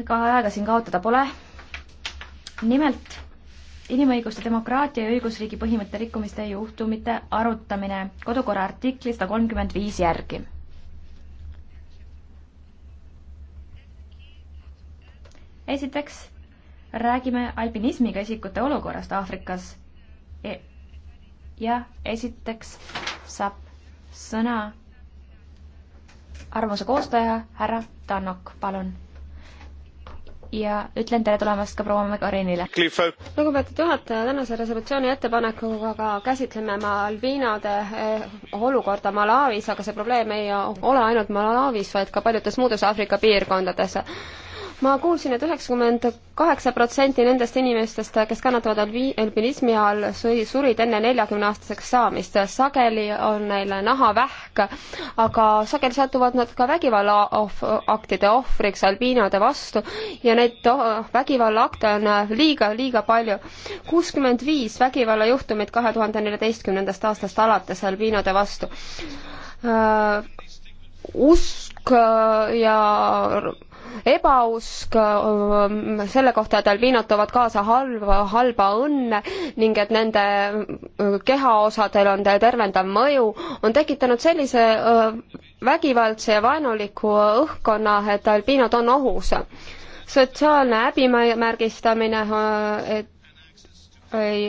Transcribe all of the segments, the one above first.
ega aega siin kaotada pole. nimelt inimõiguste, demokraatia ja õigusriigi põhimõtte rikkumiste juhtumite arutamine kodukorra artikli sada kolmkümmend viis järgi. esiteks räägime alpinismiga isikute olukorrast Aafrikas e. ja esiteks saab sõna arvamuse koostaja härra Tannok, palun ja ütlen tere tulemast ka proua Megarinile. lugupeetud juhataja, tänase resolutsiooni ettepanekuga käsitleme me albiinode eh, olukorda Malawis, aga see probleem ei ole ainult Malawis, vaid ka paljudes muudes Aafrika piirkondades ma kuulsin et, et üheksakümmend kaheksa protsenti nendest inimestest, kes kannatavad albinismi all, surid enne neljakümneaastaseks saamist. sageli on neil nahavähk, aga sageli satuvad nad ka vägivallaaktide ohvriks albiinode vastu ja neid vägivallaakte on liiga, liiga palju. kuuskümmend viis vägivallajuhtumit kahe tuhande neljateistkümnendast aastast alates albiinode vastu. Äh, usk ja ebausk, selle kohta, et albiinod toovad kaasa halba, halba õnne ning et nende äh, kehaosadel on tervendav mõju, on tekitanud sellise äh, vägivaldse ja vaenuliku õhkkonna, et albiinod on ohus. sotsiaalne häbimärgistamine, äh, et ei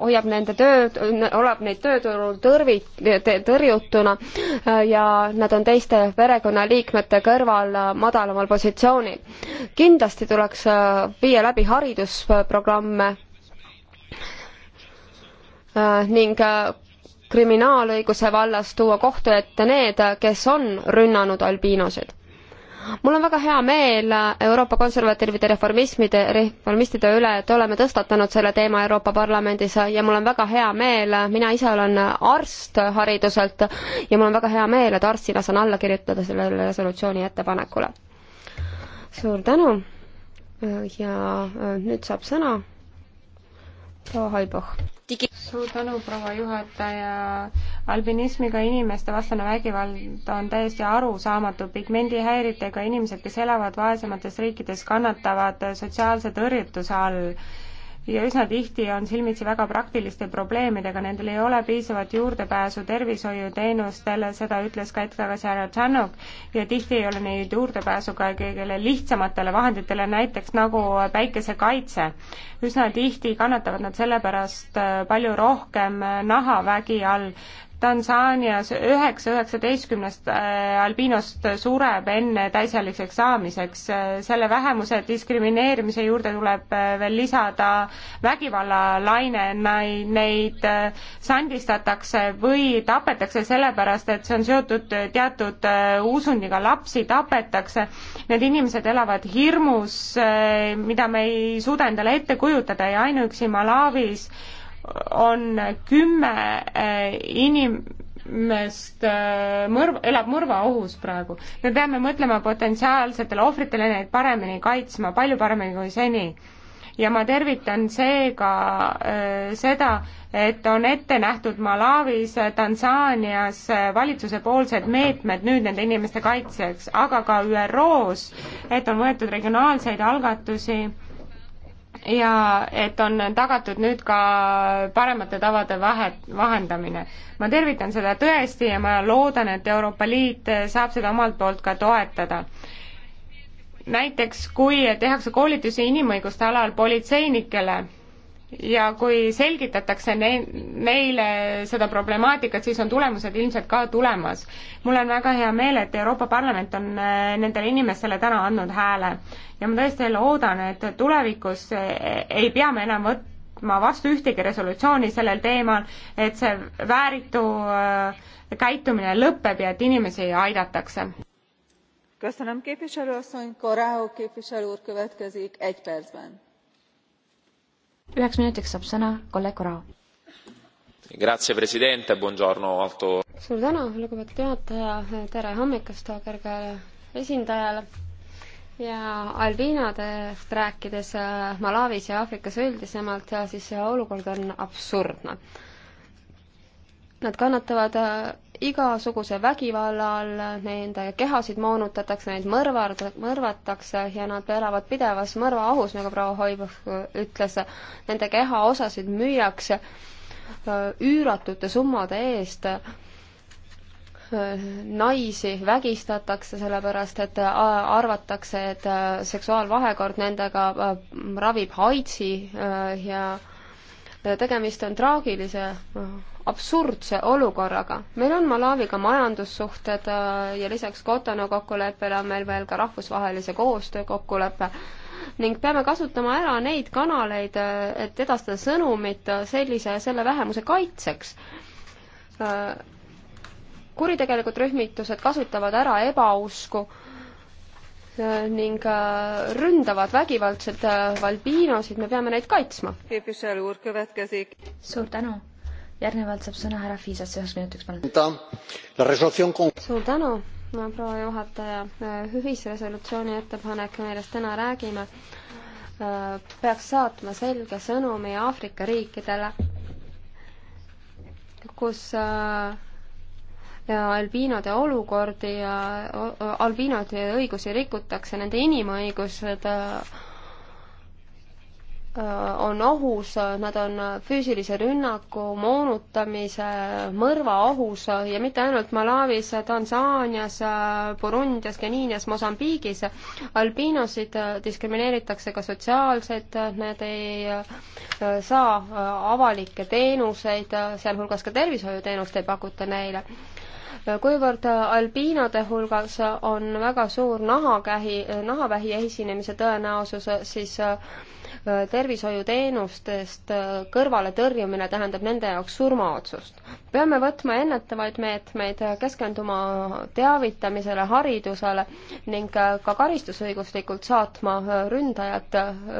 hoiab nende tööd, oleb neid tööturul tõrvi-, tõrjutuna äh, ja nad on teiste perekonnaliikmete kõrval äh, madalamal positsioonil. kindlasti tuleks äh, viia läbi haridusprogramme ning kriminaalõiguse vallas tuua kohtu ette need, kes on rünnanud albiinosid mul on väga hea meel Euroopa konservatiivide reformismide, reformistide üle, et oleme tõstatanud selle teema Euroopa Parlamendis ja mul on väga hea meel, mina ise olen arst hariduselt ja mul on väga hea meel, et arstina saan alla kirjutada sellele resolutsiooni ettepanekule. suur tänu ja nüüd saab sõna proua Haiboh. suur tänu, proua juhataja. albinismiga inimeste vastane vägivald on täiesti arusaamatu. pigmendihäiritega inimesed, kes elavad vaesemates riikides, kannatavad sotsiaalse tõrjutuse all ja üsna tihti on silmitsi väga praktiliste probleemidega, nendel ei ole piisavat juurdepääsu tervishoiuteenustele, seda ütles ka hetk tagasi härra Tšanok, ja tihti ei ole neid juurdepääsu ka kõigile lihtsamatele vahenditele, näiteks nagu päikesekaitse. üsna tihti kannatavad nad selle pärast äh, palju rohkem nahavägi all, Tansaanias üheksa üheksateistkümnest äh, albinost sureb enne täisealiseks saamiseks. selle vähemuse diskrimineerimise juurde tuleb äh, veel lisada vägivallalaine, neid äh, sandistatakse või tapetakse sellepärast, et see on seotud teatud usundiga, lapsi tapetakse. Need inimesed elavad hirmus, mida me ei suuda endale ette kujutada ja ainuüksi Malawis on kümme äh, inimest äh, mõrv, elab mõrvaohus praegu. me peame mõtlema potentsiaalsetele ohvritele, neid paremini kaitsma, palju paremini kui seni. ja ma tervitan seega äh, seda, et on ette nähtud Malawis, Tansaanias valitsusepoolsed meetmed nüüd nende inimeste kaitseks, aga ka ÜRO-s, et on võetud regionaalseid algatusi ja et on tagatud nüüd ka paremate tavade vahe, vahendamine. ma tervitan seda tõesti ja ma loodan, et Euroopa Liit saab seda omalt poolt ka toetada näiteks kui tehakse koolitusi inimõiguste alal politseinikele, ja kui selgitatakse ne-, neile seda problemaatikat, siis on tulemused ilmselt ka tulemas. mul on väga hea meel, et Euroopa Parlament on äh, nendele inimestele täna andnud hääle. ja ma tõesti loodan, et tulevikus äh, ei pea me enam võtma vastu ühtegi resolutsiooni sellel teemal, et see vääritu äh, käitumine lõpeb ja et inimesi aidatakse. köszönöm képviselő asszony, Korao képviselő úr következik egy percben üheks minutiks saab sõna kolleeg Korao. suur tänu, lugupeetud juhataja, tere hommikust kõrgele esindajale ja albiinadest rääkides Malawis ja Aafrikas üldisemalt, siis see olukord on absurdne Nad kannatavad äh, igasuguse vägivalla all, nende kehasid moonutatakse, neid mõrvad, mõrvatakse ja nad elavad pidevas mõrvaohus, nagu proua Hoibuh äh, ütles. Nende kehaosasid müüakse äh, üüratute summade eest naisi vägistatakse, sellepärast et arvatakse, et seksuaalvahekord nendega ravib AIDSi ja tegemist on traagilise, absurdse olukorraga. meil on Malawiga majandussuhted äh, ja lisaks Cotonou kokkuleppele on meil veel ka rahvusvahelise koostöö kokkulepe ning peame kasutama ära neid kanaleid, äh, et edastada sõnumit äh, sellise, selle vähemuse kaitseks kuritegelikud rühmitused kasutavad ära ebausku ning äh, ründavad vägivaldselt äh, valbiinosid, me peame neid kaitsma. suur tänu. järgnevalt saab sõna härra Fiisas üheks minutiks, palun. suur tänu, proua juhataja. Äh, ühisresolutsiooni ettepanek, millest täna räägime, peaks saatma selge sõnumi Aafrika riikidele, kus äh, ja albiinode olukordi ja albiinode õigusi rikutakse, nende inimõigused äh, äh, on ohus, nad on füüsilise rünnaku, moonutamise, mõrva ohus ja mitte ainult Malawis, Tansaanias, Burundias, Keniinias, Mosambiigis. albiinosid diskrimineeritakse ka sotsiaalselt, nad ei äh, saa avalikke teenuseid, sealhulgas ka tervishoiuteenust ei pakuta neile kuivõrd äh, albiinode hulgas on väga suur nahakähi, äh, nahavähi esinemise tõenäosus, äh, siis tervishoiuteenustest kõrvaletõrjumine tähendab nende jaoks surmaotsust. peame võtma ennetavaid meetmeid, keskenduma teavitamisele, haridusele ning ka karistusõiguslikult saatma ründajat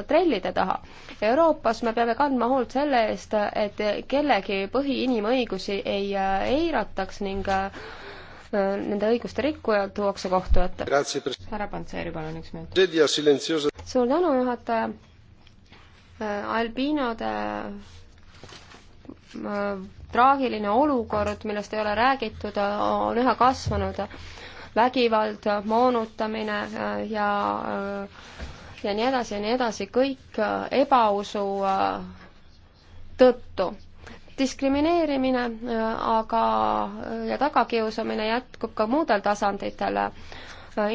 trellide taha. Euroopas me peame kandma hoolt selle eest, et kellegi põhiinimõigusi ei eirataks ning nende õiguste rikkujad tuuakse kohtu ette. härra Pantseri, palun üks minut. suur tänu, juhataja. Äh, albiinode äh, traagiline olukord, millest ei ole räägitud, äh, on üha kasvanud. vägivald, moonutamine ja, ja nii edasi ja nii edasi, kõik ebausu tõttu diskrimineerimine aga ja tagakiusamine jätkub ka muudel tasanditel.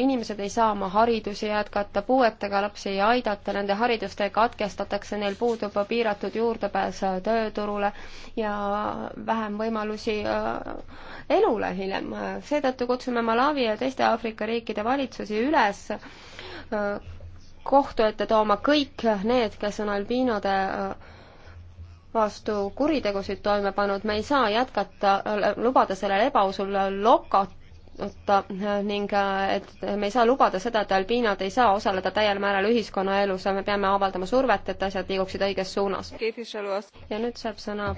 inimesed ei saa oma haridusi jätkata, puuetega lapsi ei aidata, nende haridustee katkestatakse, neil puudub piiratud juurdepääs tööturule ja vähem võimalusi äh, elule hiljem. seetõttu kutsume Malawi ja teiste Aafrika riikide valitsusi üles äh, kohtu ette tooma kõik need, kes on albiinode äh, vastu kuritegusid toime pannud, me ei saa jätkata, lubada sellel ebausul lokata ning et me ei saa lubada seda, et albiinad ei saa osaleda täiel määral ühiskonnaelus ja me peame avaldama survet, et asjad liiguksid õiges suunas. ja nüüd saab sõna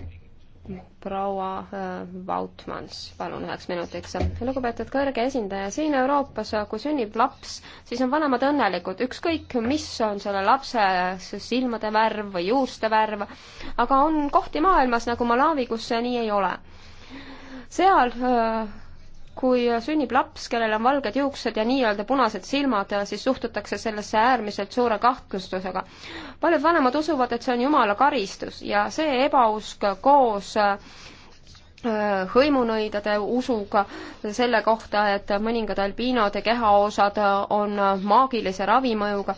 proua äh, Vautmans, palun üheks minutiks. lugupeetud kõrge esindaja, siin Euroopas, kui sünnib laps, siis on vanemad õnnelikud, ükskõik mis on selle lapse silmade värv või juuste värv, aga on kohti maailmas nagu Malawi, kus see nii ei ole. seal öö, äh, kui sünnib laps, kellel on valged juuksed ja nii-öelda punased silmad, siis suhtutakse sellesse äärmiselt suure kahtlustusega. paljud vanemad usuvad, et see on jumala karistus ja see ebausk koos äh, hõimunõidade usuga selle kohta, et mõningad albiinode kehaosad on maagilise ravimõjuga,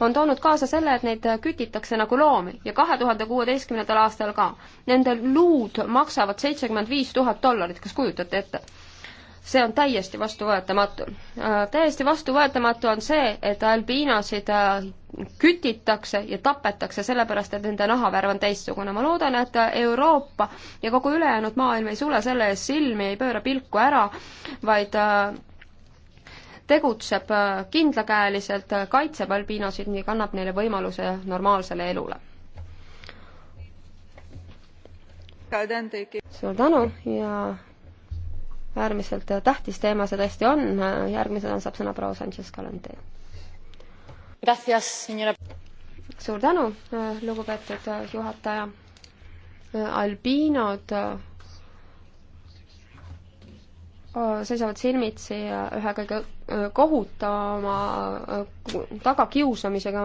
on toonud kaasa selle, et neid kütitakse nagu loomi ja kahe tuhande kuueteistkümnendal aastal ka. Nende luud maksavad seitsekümmend viis tuhat dollarit, kas kujutate ette? see on täiesti vastuvõetamatu. Äh, täiesti vastuvõetamatu on see, et albiinasid äh, kütitakse ja tapetakse sellepärast, et nende nahavärv on teistsugune. ma loodan, et Euroopa ja kogu ülejäänud maailm ei sule selle ees silmi, ei pööra pilku ära, vaid äh, tegutseb kindlakäeliselt, kaitseb albiinasid ning annab neile võimaluse normaalsele elule. suur tänu ja äärmiselt tähtis teema see tõesti on, järgmisena saab sõna proua Sanchez-Calante. suur tänu, lugupeetud juhataja. albiinod äh, seisavad silmitsi ühe kõige äh, kohutavama äh, tagakiusamisega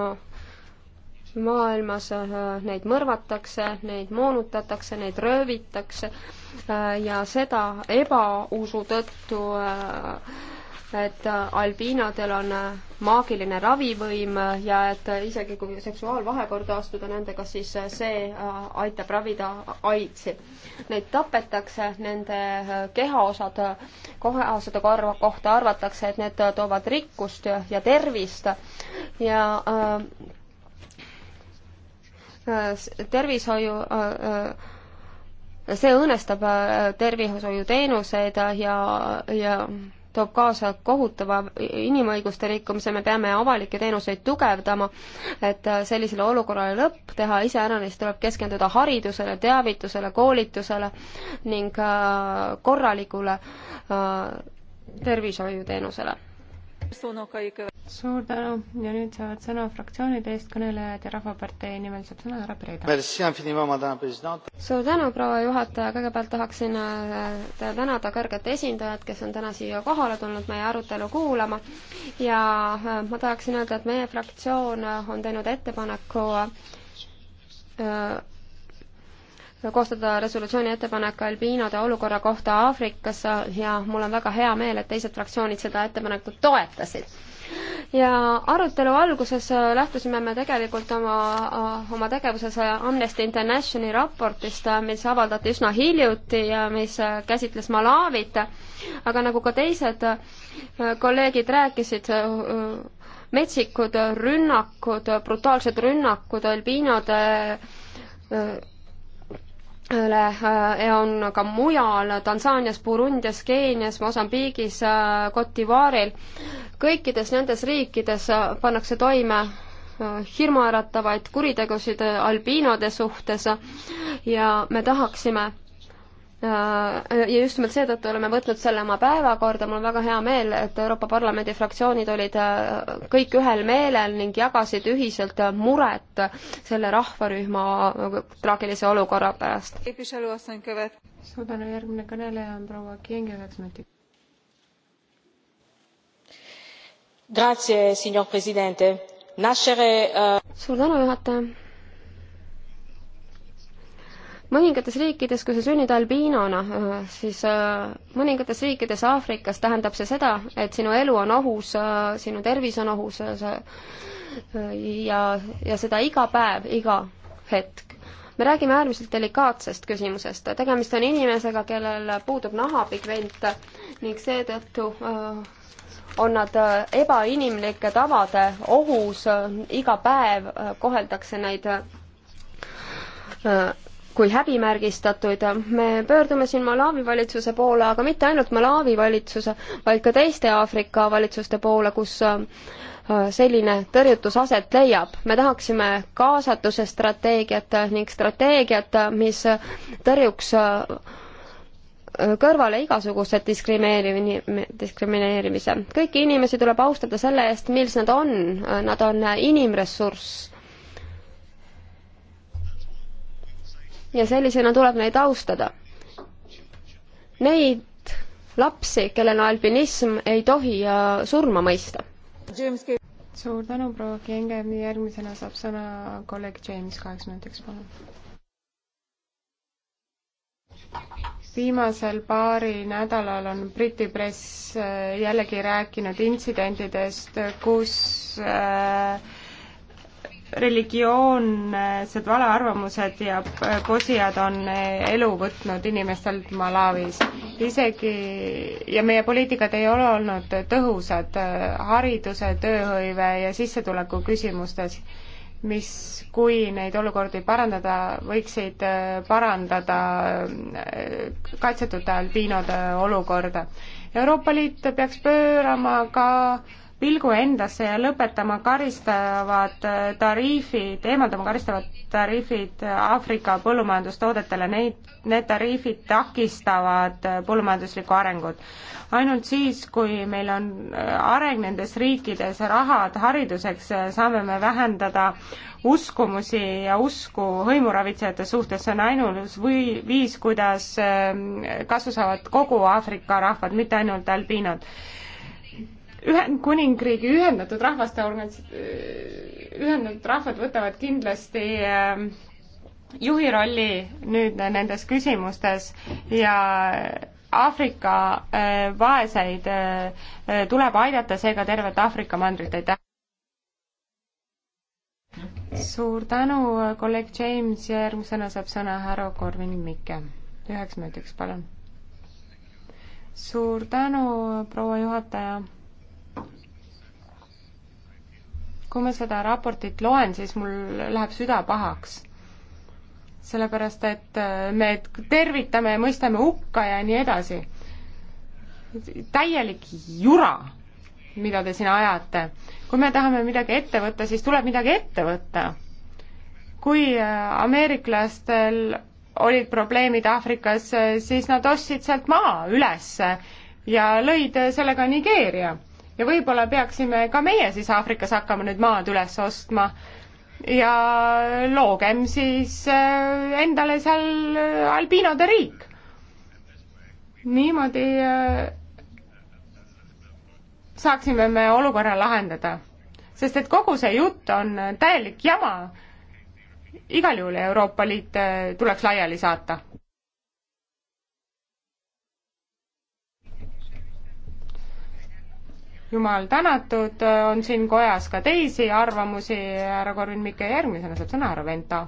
maailmas äh, neid mõrvatakse, neid moonutatakse, neid röövitakse äh, ja seda ebausu tõttu, äh, et albiinodel on maagiline ravivõim ja et isegi kui seksuaalvahekorda astuda nendega, siis see aitab ravida AIDSi. Neid tapetakse, nende kehaosad, kehaosade kohta arvatakse, et need toovad rikkust ja tervist ja äh, Äh, tervishoiu äh, äh, see õõnestab tervishoiuteenuseid ja, ja toob kaasa kohutava inimõiguste rikkumise, me peame avalikke teenuseid tugevdama, et sellisele olukorrale lõpp teha, iseäranis tuleb keskenduda haridusele, teavitusele, koolitusele ning korralikule tervishoiuteenusele suur tänu ja nüüd saavad sõna fraktsioonide eestkõnelejad ja Rahvapartei nimel saab sõna härra Preida. suur tänu, proua juhataja, kõigepealt tahaksin äh, tänada kõrget esindajat, kes on täna siia kohale tulnud meie arutelu kuulama ja äh, ma tahaksin öelda, et meie fraktsioon äh, on teinud ettepaneku koostada resolutsiooni ettepanek albiinode olukorra kohta Aafrikas ja mul on väga hea meel, et teised fraktsioonid seda ettepanekut toetasid ja arutelu alguses äh, lähtusime me tegelikult oma, äh, oma tegevuses äh, Amnesty Internationali raportist, mis avaldati üsna hiljuti ja mis käsitles Malawit, aga nagu ka teised kolleegid rääkisid, metsikud rünnakud, brutaalsed rünnakud albiinode Äh, on ka mujal, Tansaanias, Burundias, Keenias, Mosambiigis, Cote äh, d'Ivoire'il. kõikides nendes riikides äh, pannakse toime hirmuäratavaid kuritegusid albiinode suhtes ja me tahaksime ja just nimelt seetõttu oleme võtnud selle oma päevakorda, mul on väga hea meel, et Euroopa Parlamendi fraktsioonid olid äh, kõik ühel meelel ning jagasid ühiselt muret selle rahvarühma traagilise olukorra pärast. suur tänu, järgmine kõneleja on proua Kienge üheks minutiks. Grazie, signor presidente. Nascere uh.... suur tänu, juhataja mõningates riikides, kui sa sünnid albiinona, äh, siis äh, mõningates riikides Aafrikas tähendab see seda, et sinu elu on ohus, äh, sinu tervis on ohus ja, ja, ja seda iga päev, iga hetk. me räägime äärmiselt delikaatsest küsimusest, tegemist on inimesega, kellel puudub nahapigment ning seetõttu on nad ebainimlike tavade ohus, iga päev koheldakse neid kui häbimärgistatud. me pöördume siin Malawi valitsuse poole, aga mitte ainult Malawi valitsuse, vaid ka teiste Aafrika valitsuste poole, kus äh, selline tõrjutus aset leiab. me tahaksime kaasatuse strateegiat ning strateegiat, mis tõrjuks äh, kõrvale igasuguse diskrimineeri-, diskrimineerimise. kõiki inimesi tuleb austada selle eest, mis nad on. Nad on inimressurss ja sellisena tuleb neid austada. Neid lapsi, kellel albinism ei tohi surma mõista. suur tänu, proua Kienge, järgmisena saab sõna kolleeg James kaheks minutiks, palun. viimasel paari nädalal on Briti press äh, jällegi rääkinud intsidentidest, kus äh, religioonsed valearvamused ja posijad on elu võtnud inimestelt Malawis. isegi, ja meie poliitikad ei ole olnud tõhusad äh, hariduse, tööhõive ja sissetuleku küsimustes, mis, kui neid olukordi parandada, võiksid äh, parandada äh, kaitsetute albiinode olukorda. Euroopa Liit peaks pöörama ka äh, pilgu endasse ja lõpetama karistavad äh, tariifid, eemaldama karistavad tariifid Aafrika põllumajandustoodetele, neid, need tariifid takistavad äh, põllumajanduslikku arengut. ainult siis, kui meil on äh, areng nendes riikides, rahad hariduseks, saame me vähendada uskumusi ja usku hõimuravitsejate suhtes, see on ainus või viis, kuidas ähm, kasu saavad kogu Aafrika rahvad, mitte ainult albiinod Ühendkuningriigi Ühendatud Rahvaste Organis-, äh, Ühendatud Rahvad võtavad kindlasti ähm, juhi rolli nüüd nendes küsimustes ja Aafrika äh, vaeseid äh, tuleb aidata, seega tervet Aafrika mandrit, aitäh! suur tänu, kolleeg James ja järgmisena saab sõna härra Korvin Mikke. üheks minutiks, palun. suur tänu, proua juhataja kui ma seda raportit loen, siis mul läheb süda pahaks. sellepärast, et äh, me tervitame ja mõistame hukka ja nii edasi. täielik jura, mida te siin ajate. kui me tahame midagi ette võtta, siis tuleb midagi ette võtta. kui äh, ameeriklastel olid probleemid Aafrikas, äh, siis nad ostsid sealt maa ülesse ja lõid sellega Nigeeria ja võib-olla peaksime ka meie siis Aafrikas hakkama nüüd maad üles ostma ja loogem siis äh, endale seal äh, albiinode riik. niimoodi äh, saaksime me olukorra lahendada, sest et kogu see jutt on täielik jama. igal juhul Euroopa Liit tuleks laiali saata jumal tänatud, on siin kojas ka teisi arvamusi, härra Korvin-Mikke, järgmisena saab sõna härra Venta.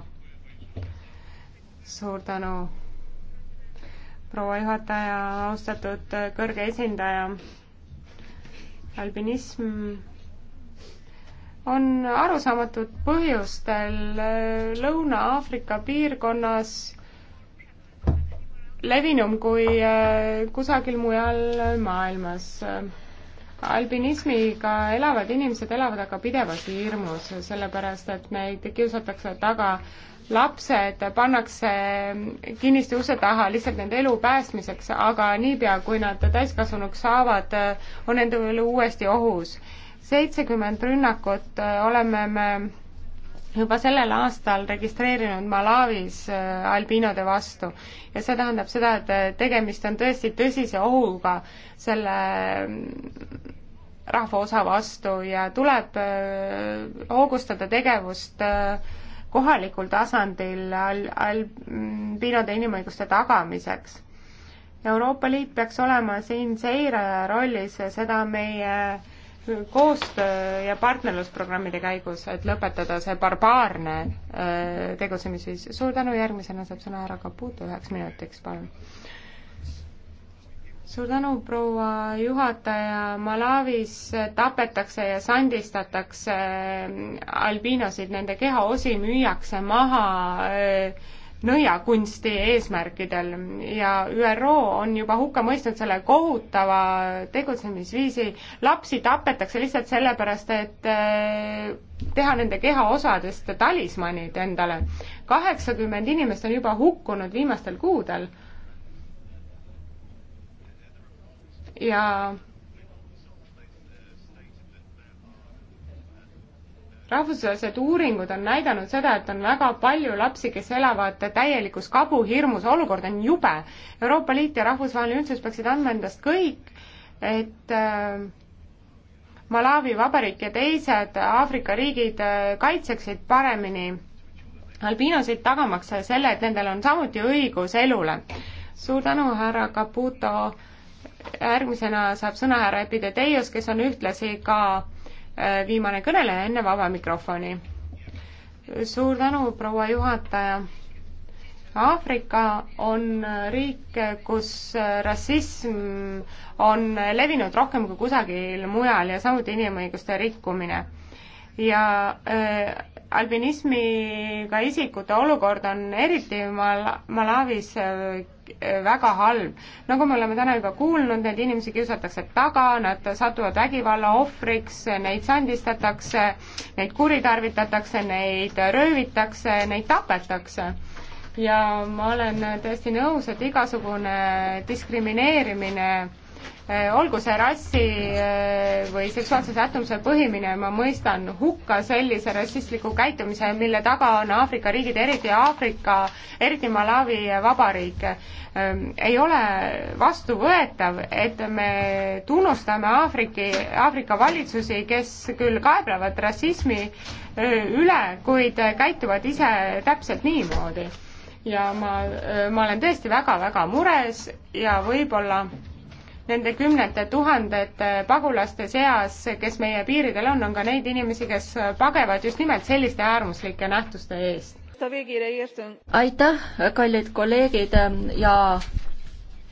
suur tänu, proua juhataja, austatud kõrge esindaja. albinism on arusaamatud põhjustel Lõuna-Aafrika piirkonnas levinum kui äh, kusagil mujal maailmas albinismiga elavad inimesed elavad aga pidevas hirmus, sellepärast et neid kiusatakse taga lapsed pannakse kinniste ukse taha lihtsalt nende elu päästmiseks, aga niipea, kui nad täiskasvanuks saavad, on nende elu uuesti ohus. seitsekümmend rünnakut äh, oleme me juba sellel aastal registreerinud Malawis äh, albiinode vastu ja see tähendab seda, et äh, tegemist on tõesti tõsise ohuga selle mm, rahvaosa vastu ja tuleb äh, hoogustada tegevust kohalikul tasandil al-, albiinode inimõiguste tagamiseks. Euroopa Liit peaks olema siin seiraja rollis, seda meie äh, koostöö ja partnerlusprogrammide käigus, et lõpetada see barbaarne äh, tegutsemisviis. suur tänu, järgmisena saab sõna härra Caputo üheks minutiks, palun. suur tänu, proua juhataja, Malawis tapetakse ja sandistatakse äh, albiinosid, nende kehaosi müüakse maha öö, äh, nõiakunsti eesmärkidel ja ÜRO on juba hukka mõistnud selle kohutava tegutsemisviisi, lapsi tapetakse lihtsalt sellepärast, et äh, teha nende kehaosadest talismanid endale. kaheksakümmend inimest on juba hukkunud viimastel kuudel ja rahvusvahelised uuringud on näidanud seda, et on väga palju lapsi, kes elavad täielikus kabuhirmus, olukord on jube. Euroopa Liit ja rahvusvaheline üldsus peaksid andma endast kõik, et äh, Malawi Vabariik ja teised Aafrika riigid äh, kaitseksid paremini albiinosid, tagamaks selle, et nendel on samuti õigus elule. suur tänu, härra Caputo, järgmisena saab sõna härra Epideteios, kes on ühtlasi ka Äh, viimane kõneleja enne vaba mikrofoni. suur tänu, proua juhataja. Aafrika on riik, kus rassism on levinud rohkem kui kusagil mujal ja samuti inimõiguste rikkumine. ja äh, albinismiga isikute olukord on eriti Mal-, Malawis äh, väga halb. nagu me oleme täna juba kuulnud, neid inimesi kiusatakse taga, nad satuvad vägivalla ohvriks, neid sandistatakse, neid kuritarvitatakse, neid röövitakse, neid tapetakse. ja ma olen täiesti nõus, et igasugune diskrimineerimine Äh, olgu see rassi äh, või seksuaalse sättumuse põhimine, ma mõistan hukka sellise rassistliku käitumise, mille taga on Aafrika riigid, eriti Aafrika, eriti Malawi vabariik. Ähm, ei ole vastuvõetav, et me tunnustame Aafriki, Aafrika valitsusi, kes küll kaeblevad rassismi äh, üle, kuid käituvad ise täpselt niimoodi ja ma, ma olen tõesti väga-väga mures ja võib-olla nende kümnete tuhandete pagulaste seas, kes meie piiridel on, on ka neid inimesi, kes pagevad just nimelt selliste äärmuslike nähtuste eest. aitäh, kallid kolleegid ja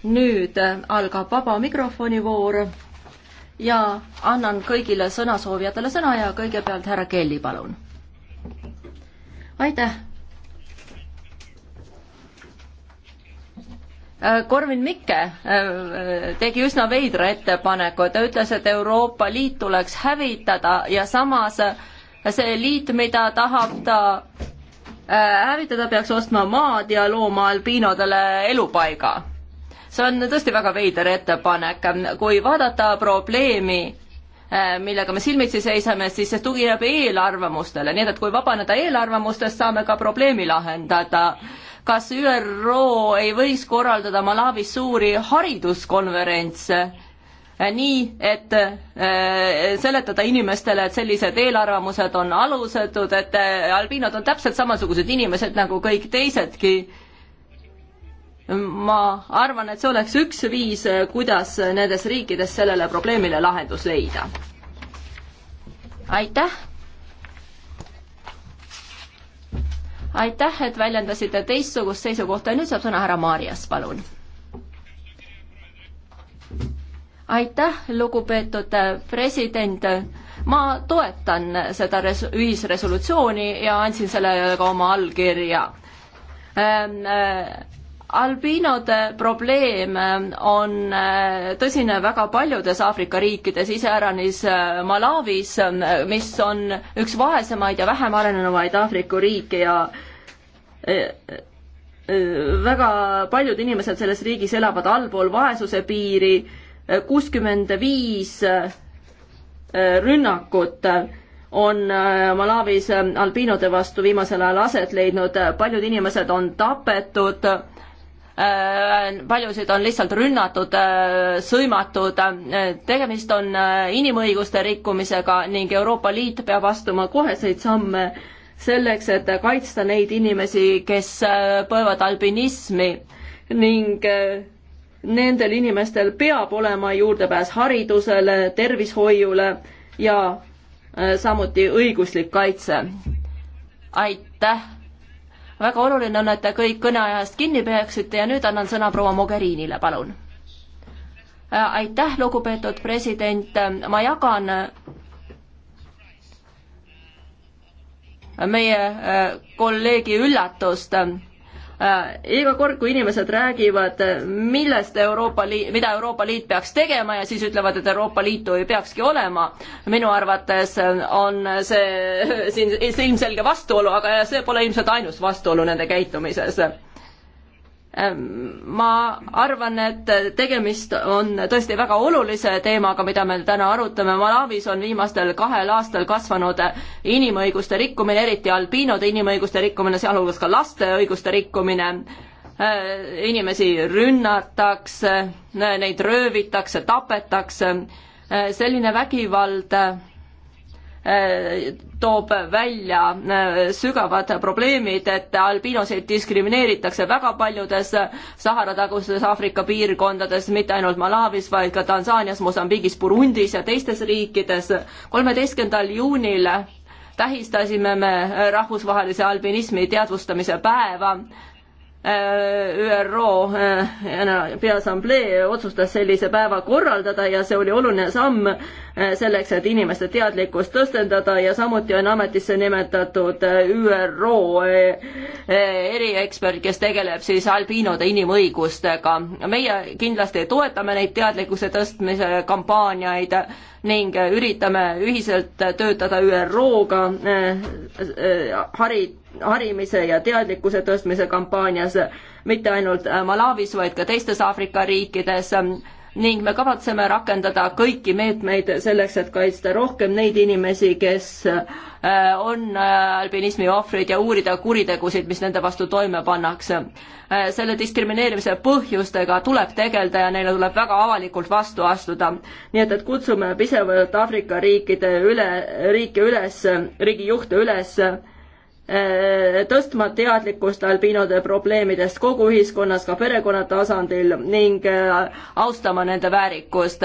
nüüd algab vaba mikrofoni voor ja annan kõigile sõnasoovijatele sõna ja kõigepealt härra Kelly, palun. aitäh Äh, Korvin Mikke äh, tegi üsna veidra ettepaneku, ta ütles, et Euroopa Liit tuleks hävitada ja samas see liit, mida tahab ta äh, hävitada, peaks ostma maad ja looma albiinodele elupaiga. see on tõesti väga veider ettepanek, kui vaadata probleemi, millega me silmitsi seisame, siis see tugineb eelarvamustele, nii et, et kui vabaneda eelarvamustest, saame ka probleemi lahendada kas ÜRO ei võiks korraldada Malawis suuri hariduskonverentse eh, nii, et eh, seletada inimestele, et sellised eelarvamused on alusetud, et eh, albiinod on täpselt samasugused inimesed nagu kõik teisedki. ma arvan, et see oleks üks viis, kuidas nendes riikides sellele probleemile lahendus leida. aitäh aitäh, et väljendasite teistsugust seisukohta ja nüüd saab sõna härra Maarjas, palun. aitäh, lugupeetud president. ma toetan seda res-, ühisresolutsiooni ja andsin sellele ka oma allkirja ähm,. Äh, albiinode probleem äh, on äh, tõsine väga paljudes Aafrika riikides, iseäranis äh, Malawis, mis on üks vaesemaid ja vähem arenenumaid Aafrika riike ja väga paljud inimesed selles riigis elavad allpool vaesuse piiri, kuuskümmend viis rünnakut on Malawis albiinode vastu viimasel ajal aset leidnud, paljud inimesed on tapetud Äh, paljusid on lihtsalt rünnatud, äh, sõimatud, tegemist on äh, inimõiguste rikkumisega ning Euroopa Liit peab astuma koheseid samme selleks, et kaitsta neid inimesi, kes põevad albinismi ning nendel inimestel peab olema juurdepääs haridusele, tervishoiule ja samuti õiguslik kaitse. aitäh! väga oluline on, et te kõik kõneajast kinni peaksite ja nüüd annan sõna proua Mogherinile, palun. Äh, aitäh, lugupeetud president, ma jagan äh, meie äh, kolleegi üllatust Äh, iga kord, kui inimesed räägivad, äh, millest Euroopa Liit, mida Euroopa Liit peaks tegema ja siis ütlevad, et Euroopa Liitu ei peakski olema, minu arvates äh, on see siin ilmselge vastuolu, aga see pole ilmselt ainus vastuolu nende käitumises Ehm, ma arvan, et tegemist on tõesti väga olulise teemaga, mida me täna arutame. Malawis on viimastel kahel aastal kasvanud inimõiguste rikkumine, eriti albiinode inimõiguste rikkumine, sealhulgas ka laste õiguste rikkumine. Ehm, inimesi rünnatakse, neid röövitakse, tapetakse. Ehm, selline vägivald toob välja äh, sügavad probleemid, et albiinoseid diskrimineeritakse väga paljudes Sahara tagustes Aafrika piirkondades, mitte ainult Malawis, vaid ka Tansaanias, Mosambiigis, Burundis ja teistes riikides. kolmeteistkümnendal juunil tähistasime me rahvusvahelise albinismi teadvustamise päeva ÜRO äh, Peaassamblee otsustas sellise päeva korraldada ja see oli oluline samm äh, selleks, et inimeste teadlikkust tõstendada ja samuti on ametisse nimetatud äh, ÜRO eriekspert, kes tegeleb siis albiinode inimõigustega. meie kindlasti toetame neid teadlikkuse tõstmise kampaaniaid ning üritame ühiselt töötada ÜRO-ga äh, äh, hari, harimise ja teadlikkuse tõstmise kampaanias, mitte ainult Malawis, vaid ka teistes Aafrika riikides ning me kavatseme rakendada kõiki meetmeid selleks, et kaitsta rohkem neid inimesi, kes äh, on äh, albinismi ohvrid ja uurida kuritegusid, mis nende vastu toime pannakse. Äh, selle diskrimineerimise põhjustega tuleb tegeleda ja neile tuleb väga avalikult vastu astuda. nii et, et kutsume pisevalt Aafrika riikide üle, riike üles, riigijuhte üles Äh, tõstma teadlikkust albiinode probleemidest kogu ühiskonnas, ka perekonna tasandil ning äh, austama nende väärikust.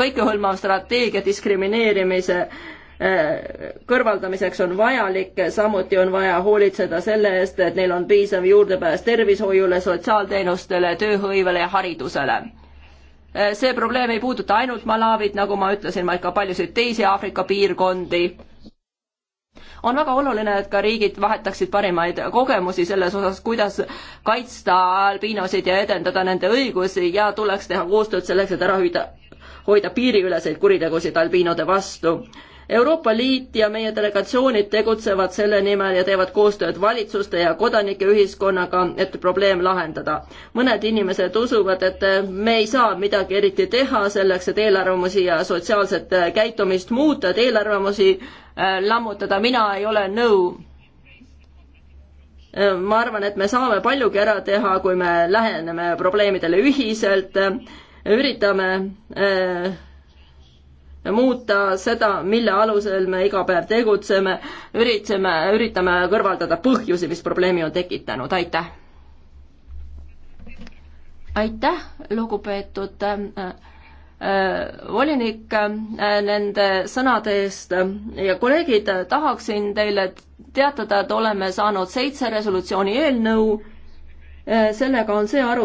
kõikehõlmav strateegia diskrimineerimise äh, kõrvaldamiseks on vajalik, samuti on vaja hoolitseda selle eest, et neil on piisav juurdepääs tervishoiule, sotsiaalteenustele, tööhõivele ja haridusele see probleem ei puuduta ainult Malawit, nagu ma ütlesin, vaid ka paljusid teisi Aafrika piirkondi on väga oluline, et ka riigid vahetaksid parimaid kogemusi selles osas, kuidas kaitsta albiinosid ja edendada nende õigusi ja tuleks teha koostööd selleks, et ära hoida, hoida piiriüleseid kuritegusid albiinode vastu Euroopa Liit ja meie delegatsioonid tegutsevad selle nimel ja teevad koostööd valitsuste ja kodanike ühiskonnaga, et probleem lahendada. mõned inimesed usuvad, et me ei saa midagi eriti teha selleks, et eelarvamusi ja sotsiaalset äh, käitumist muuta, et eelarvamusi äh, lammutada, mina ei ole nõu äh, ma arvan, et me saame paljugi ära teha, kui me läheneme probleemidele ühiselt, üritame muuta seda, mille alusel me iga päev tegutseme, üritame, üritame kõrvaldada põhjusi, mis probleemi on tekitanud, aitäh! aitäh, lugupeetud äh, äh volinik äh, nende sõnade eest ja kolleegid, tahaksin teile teatada, et oleme saanud seitse resolutsiooni eelnõu, äh, sellega on see arutelu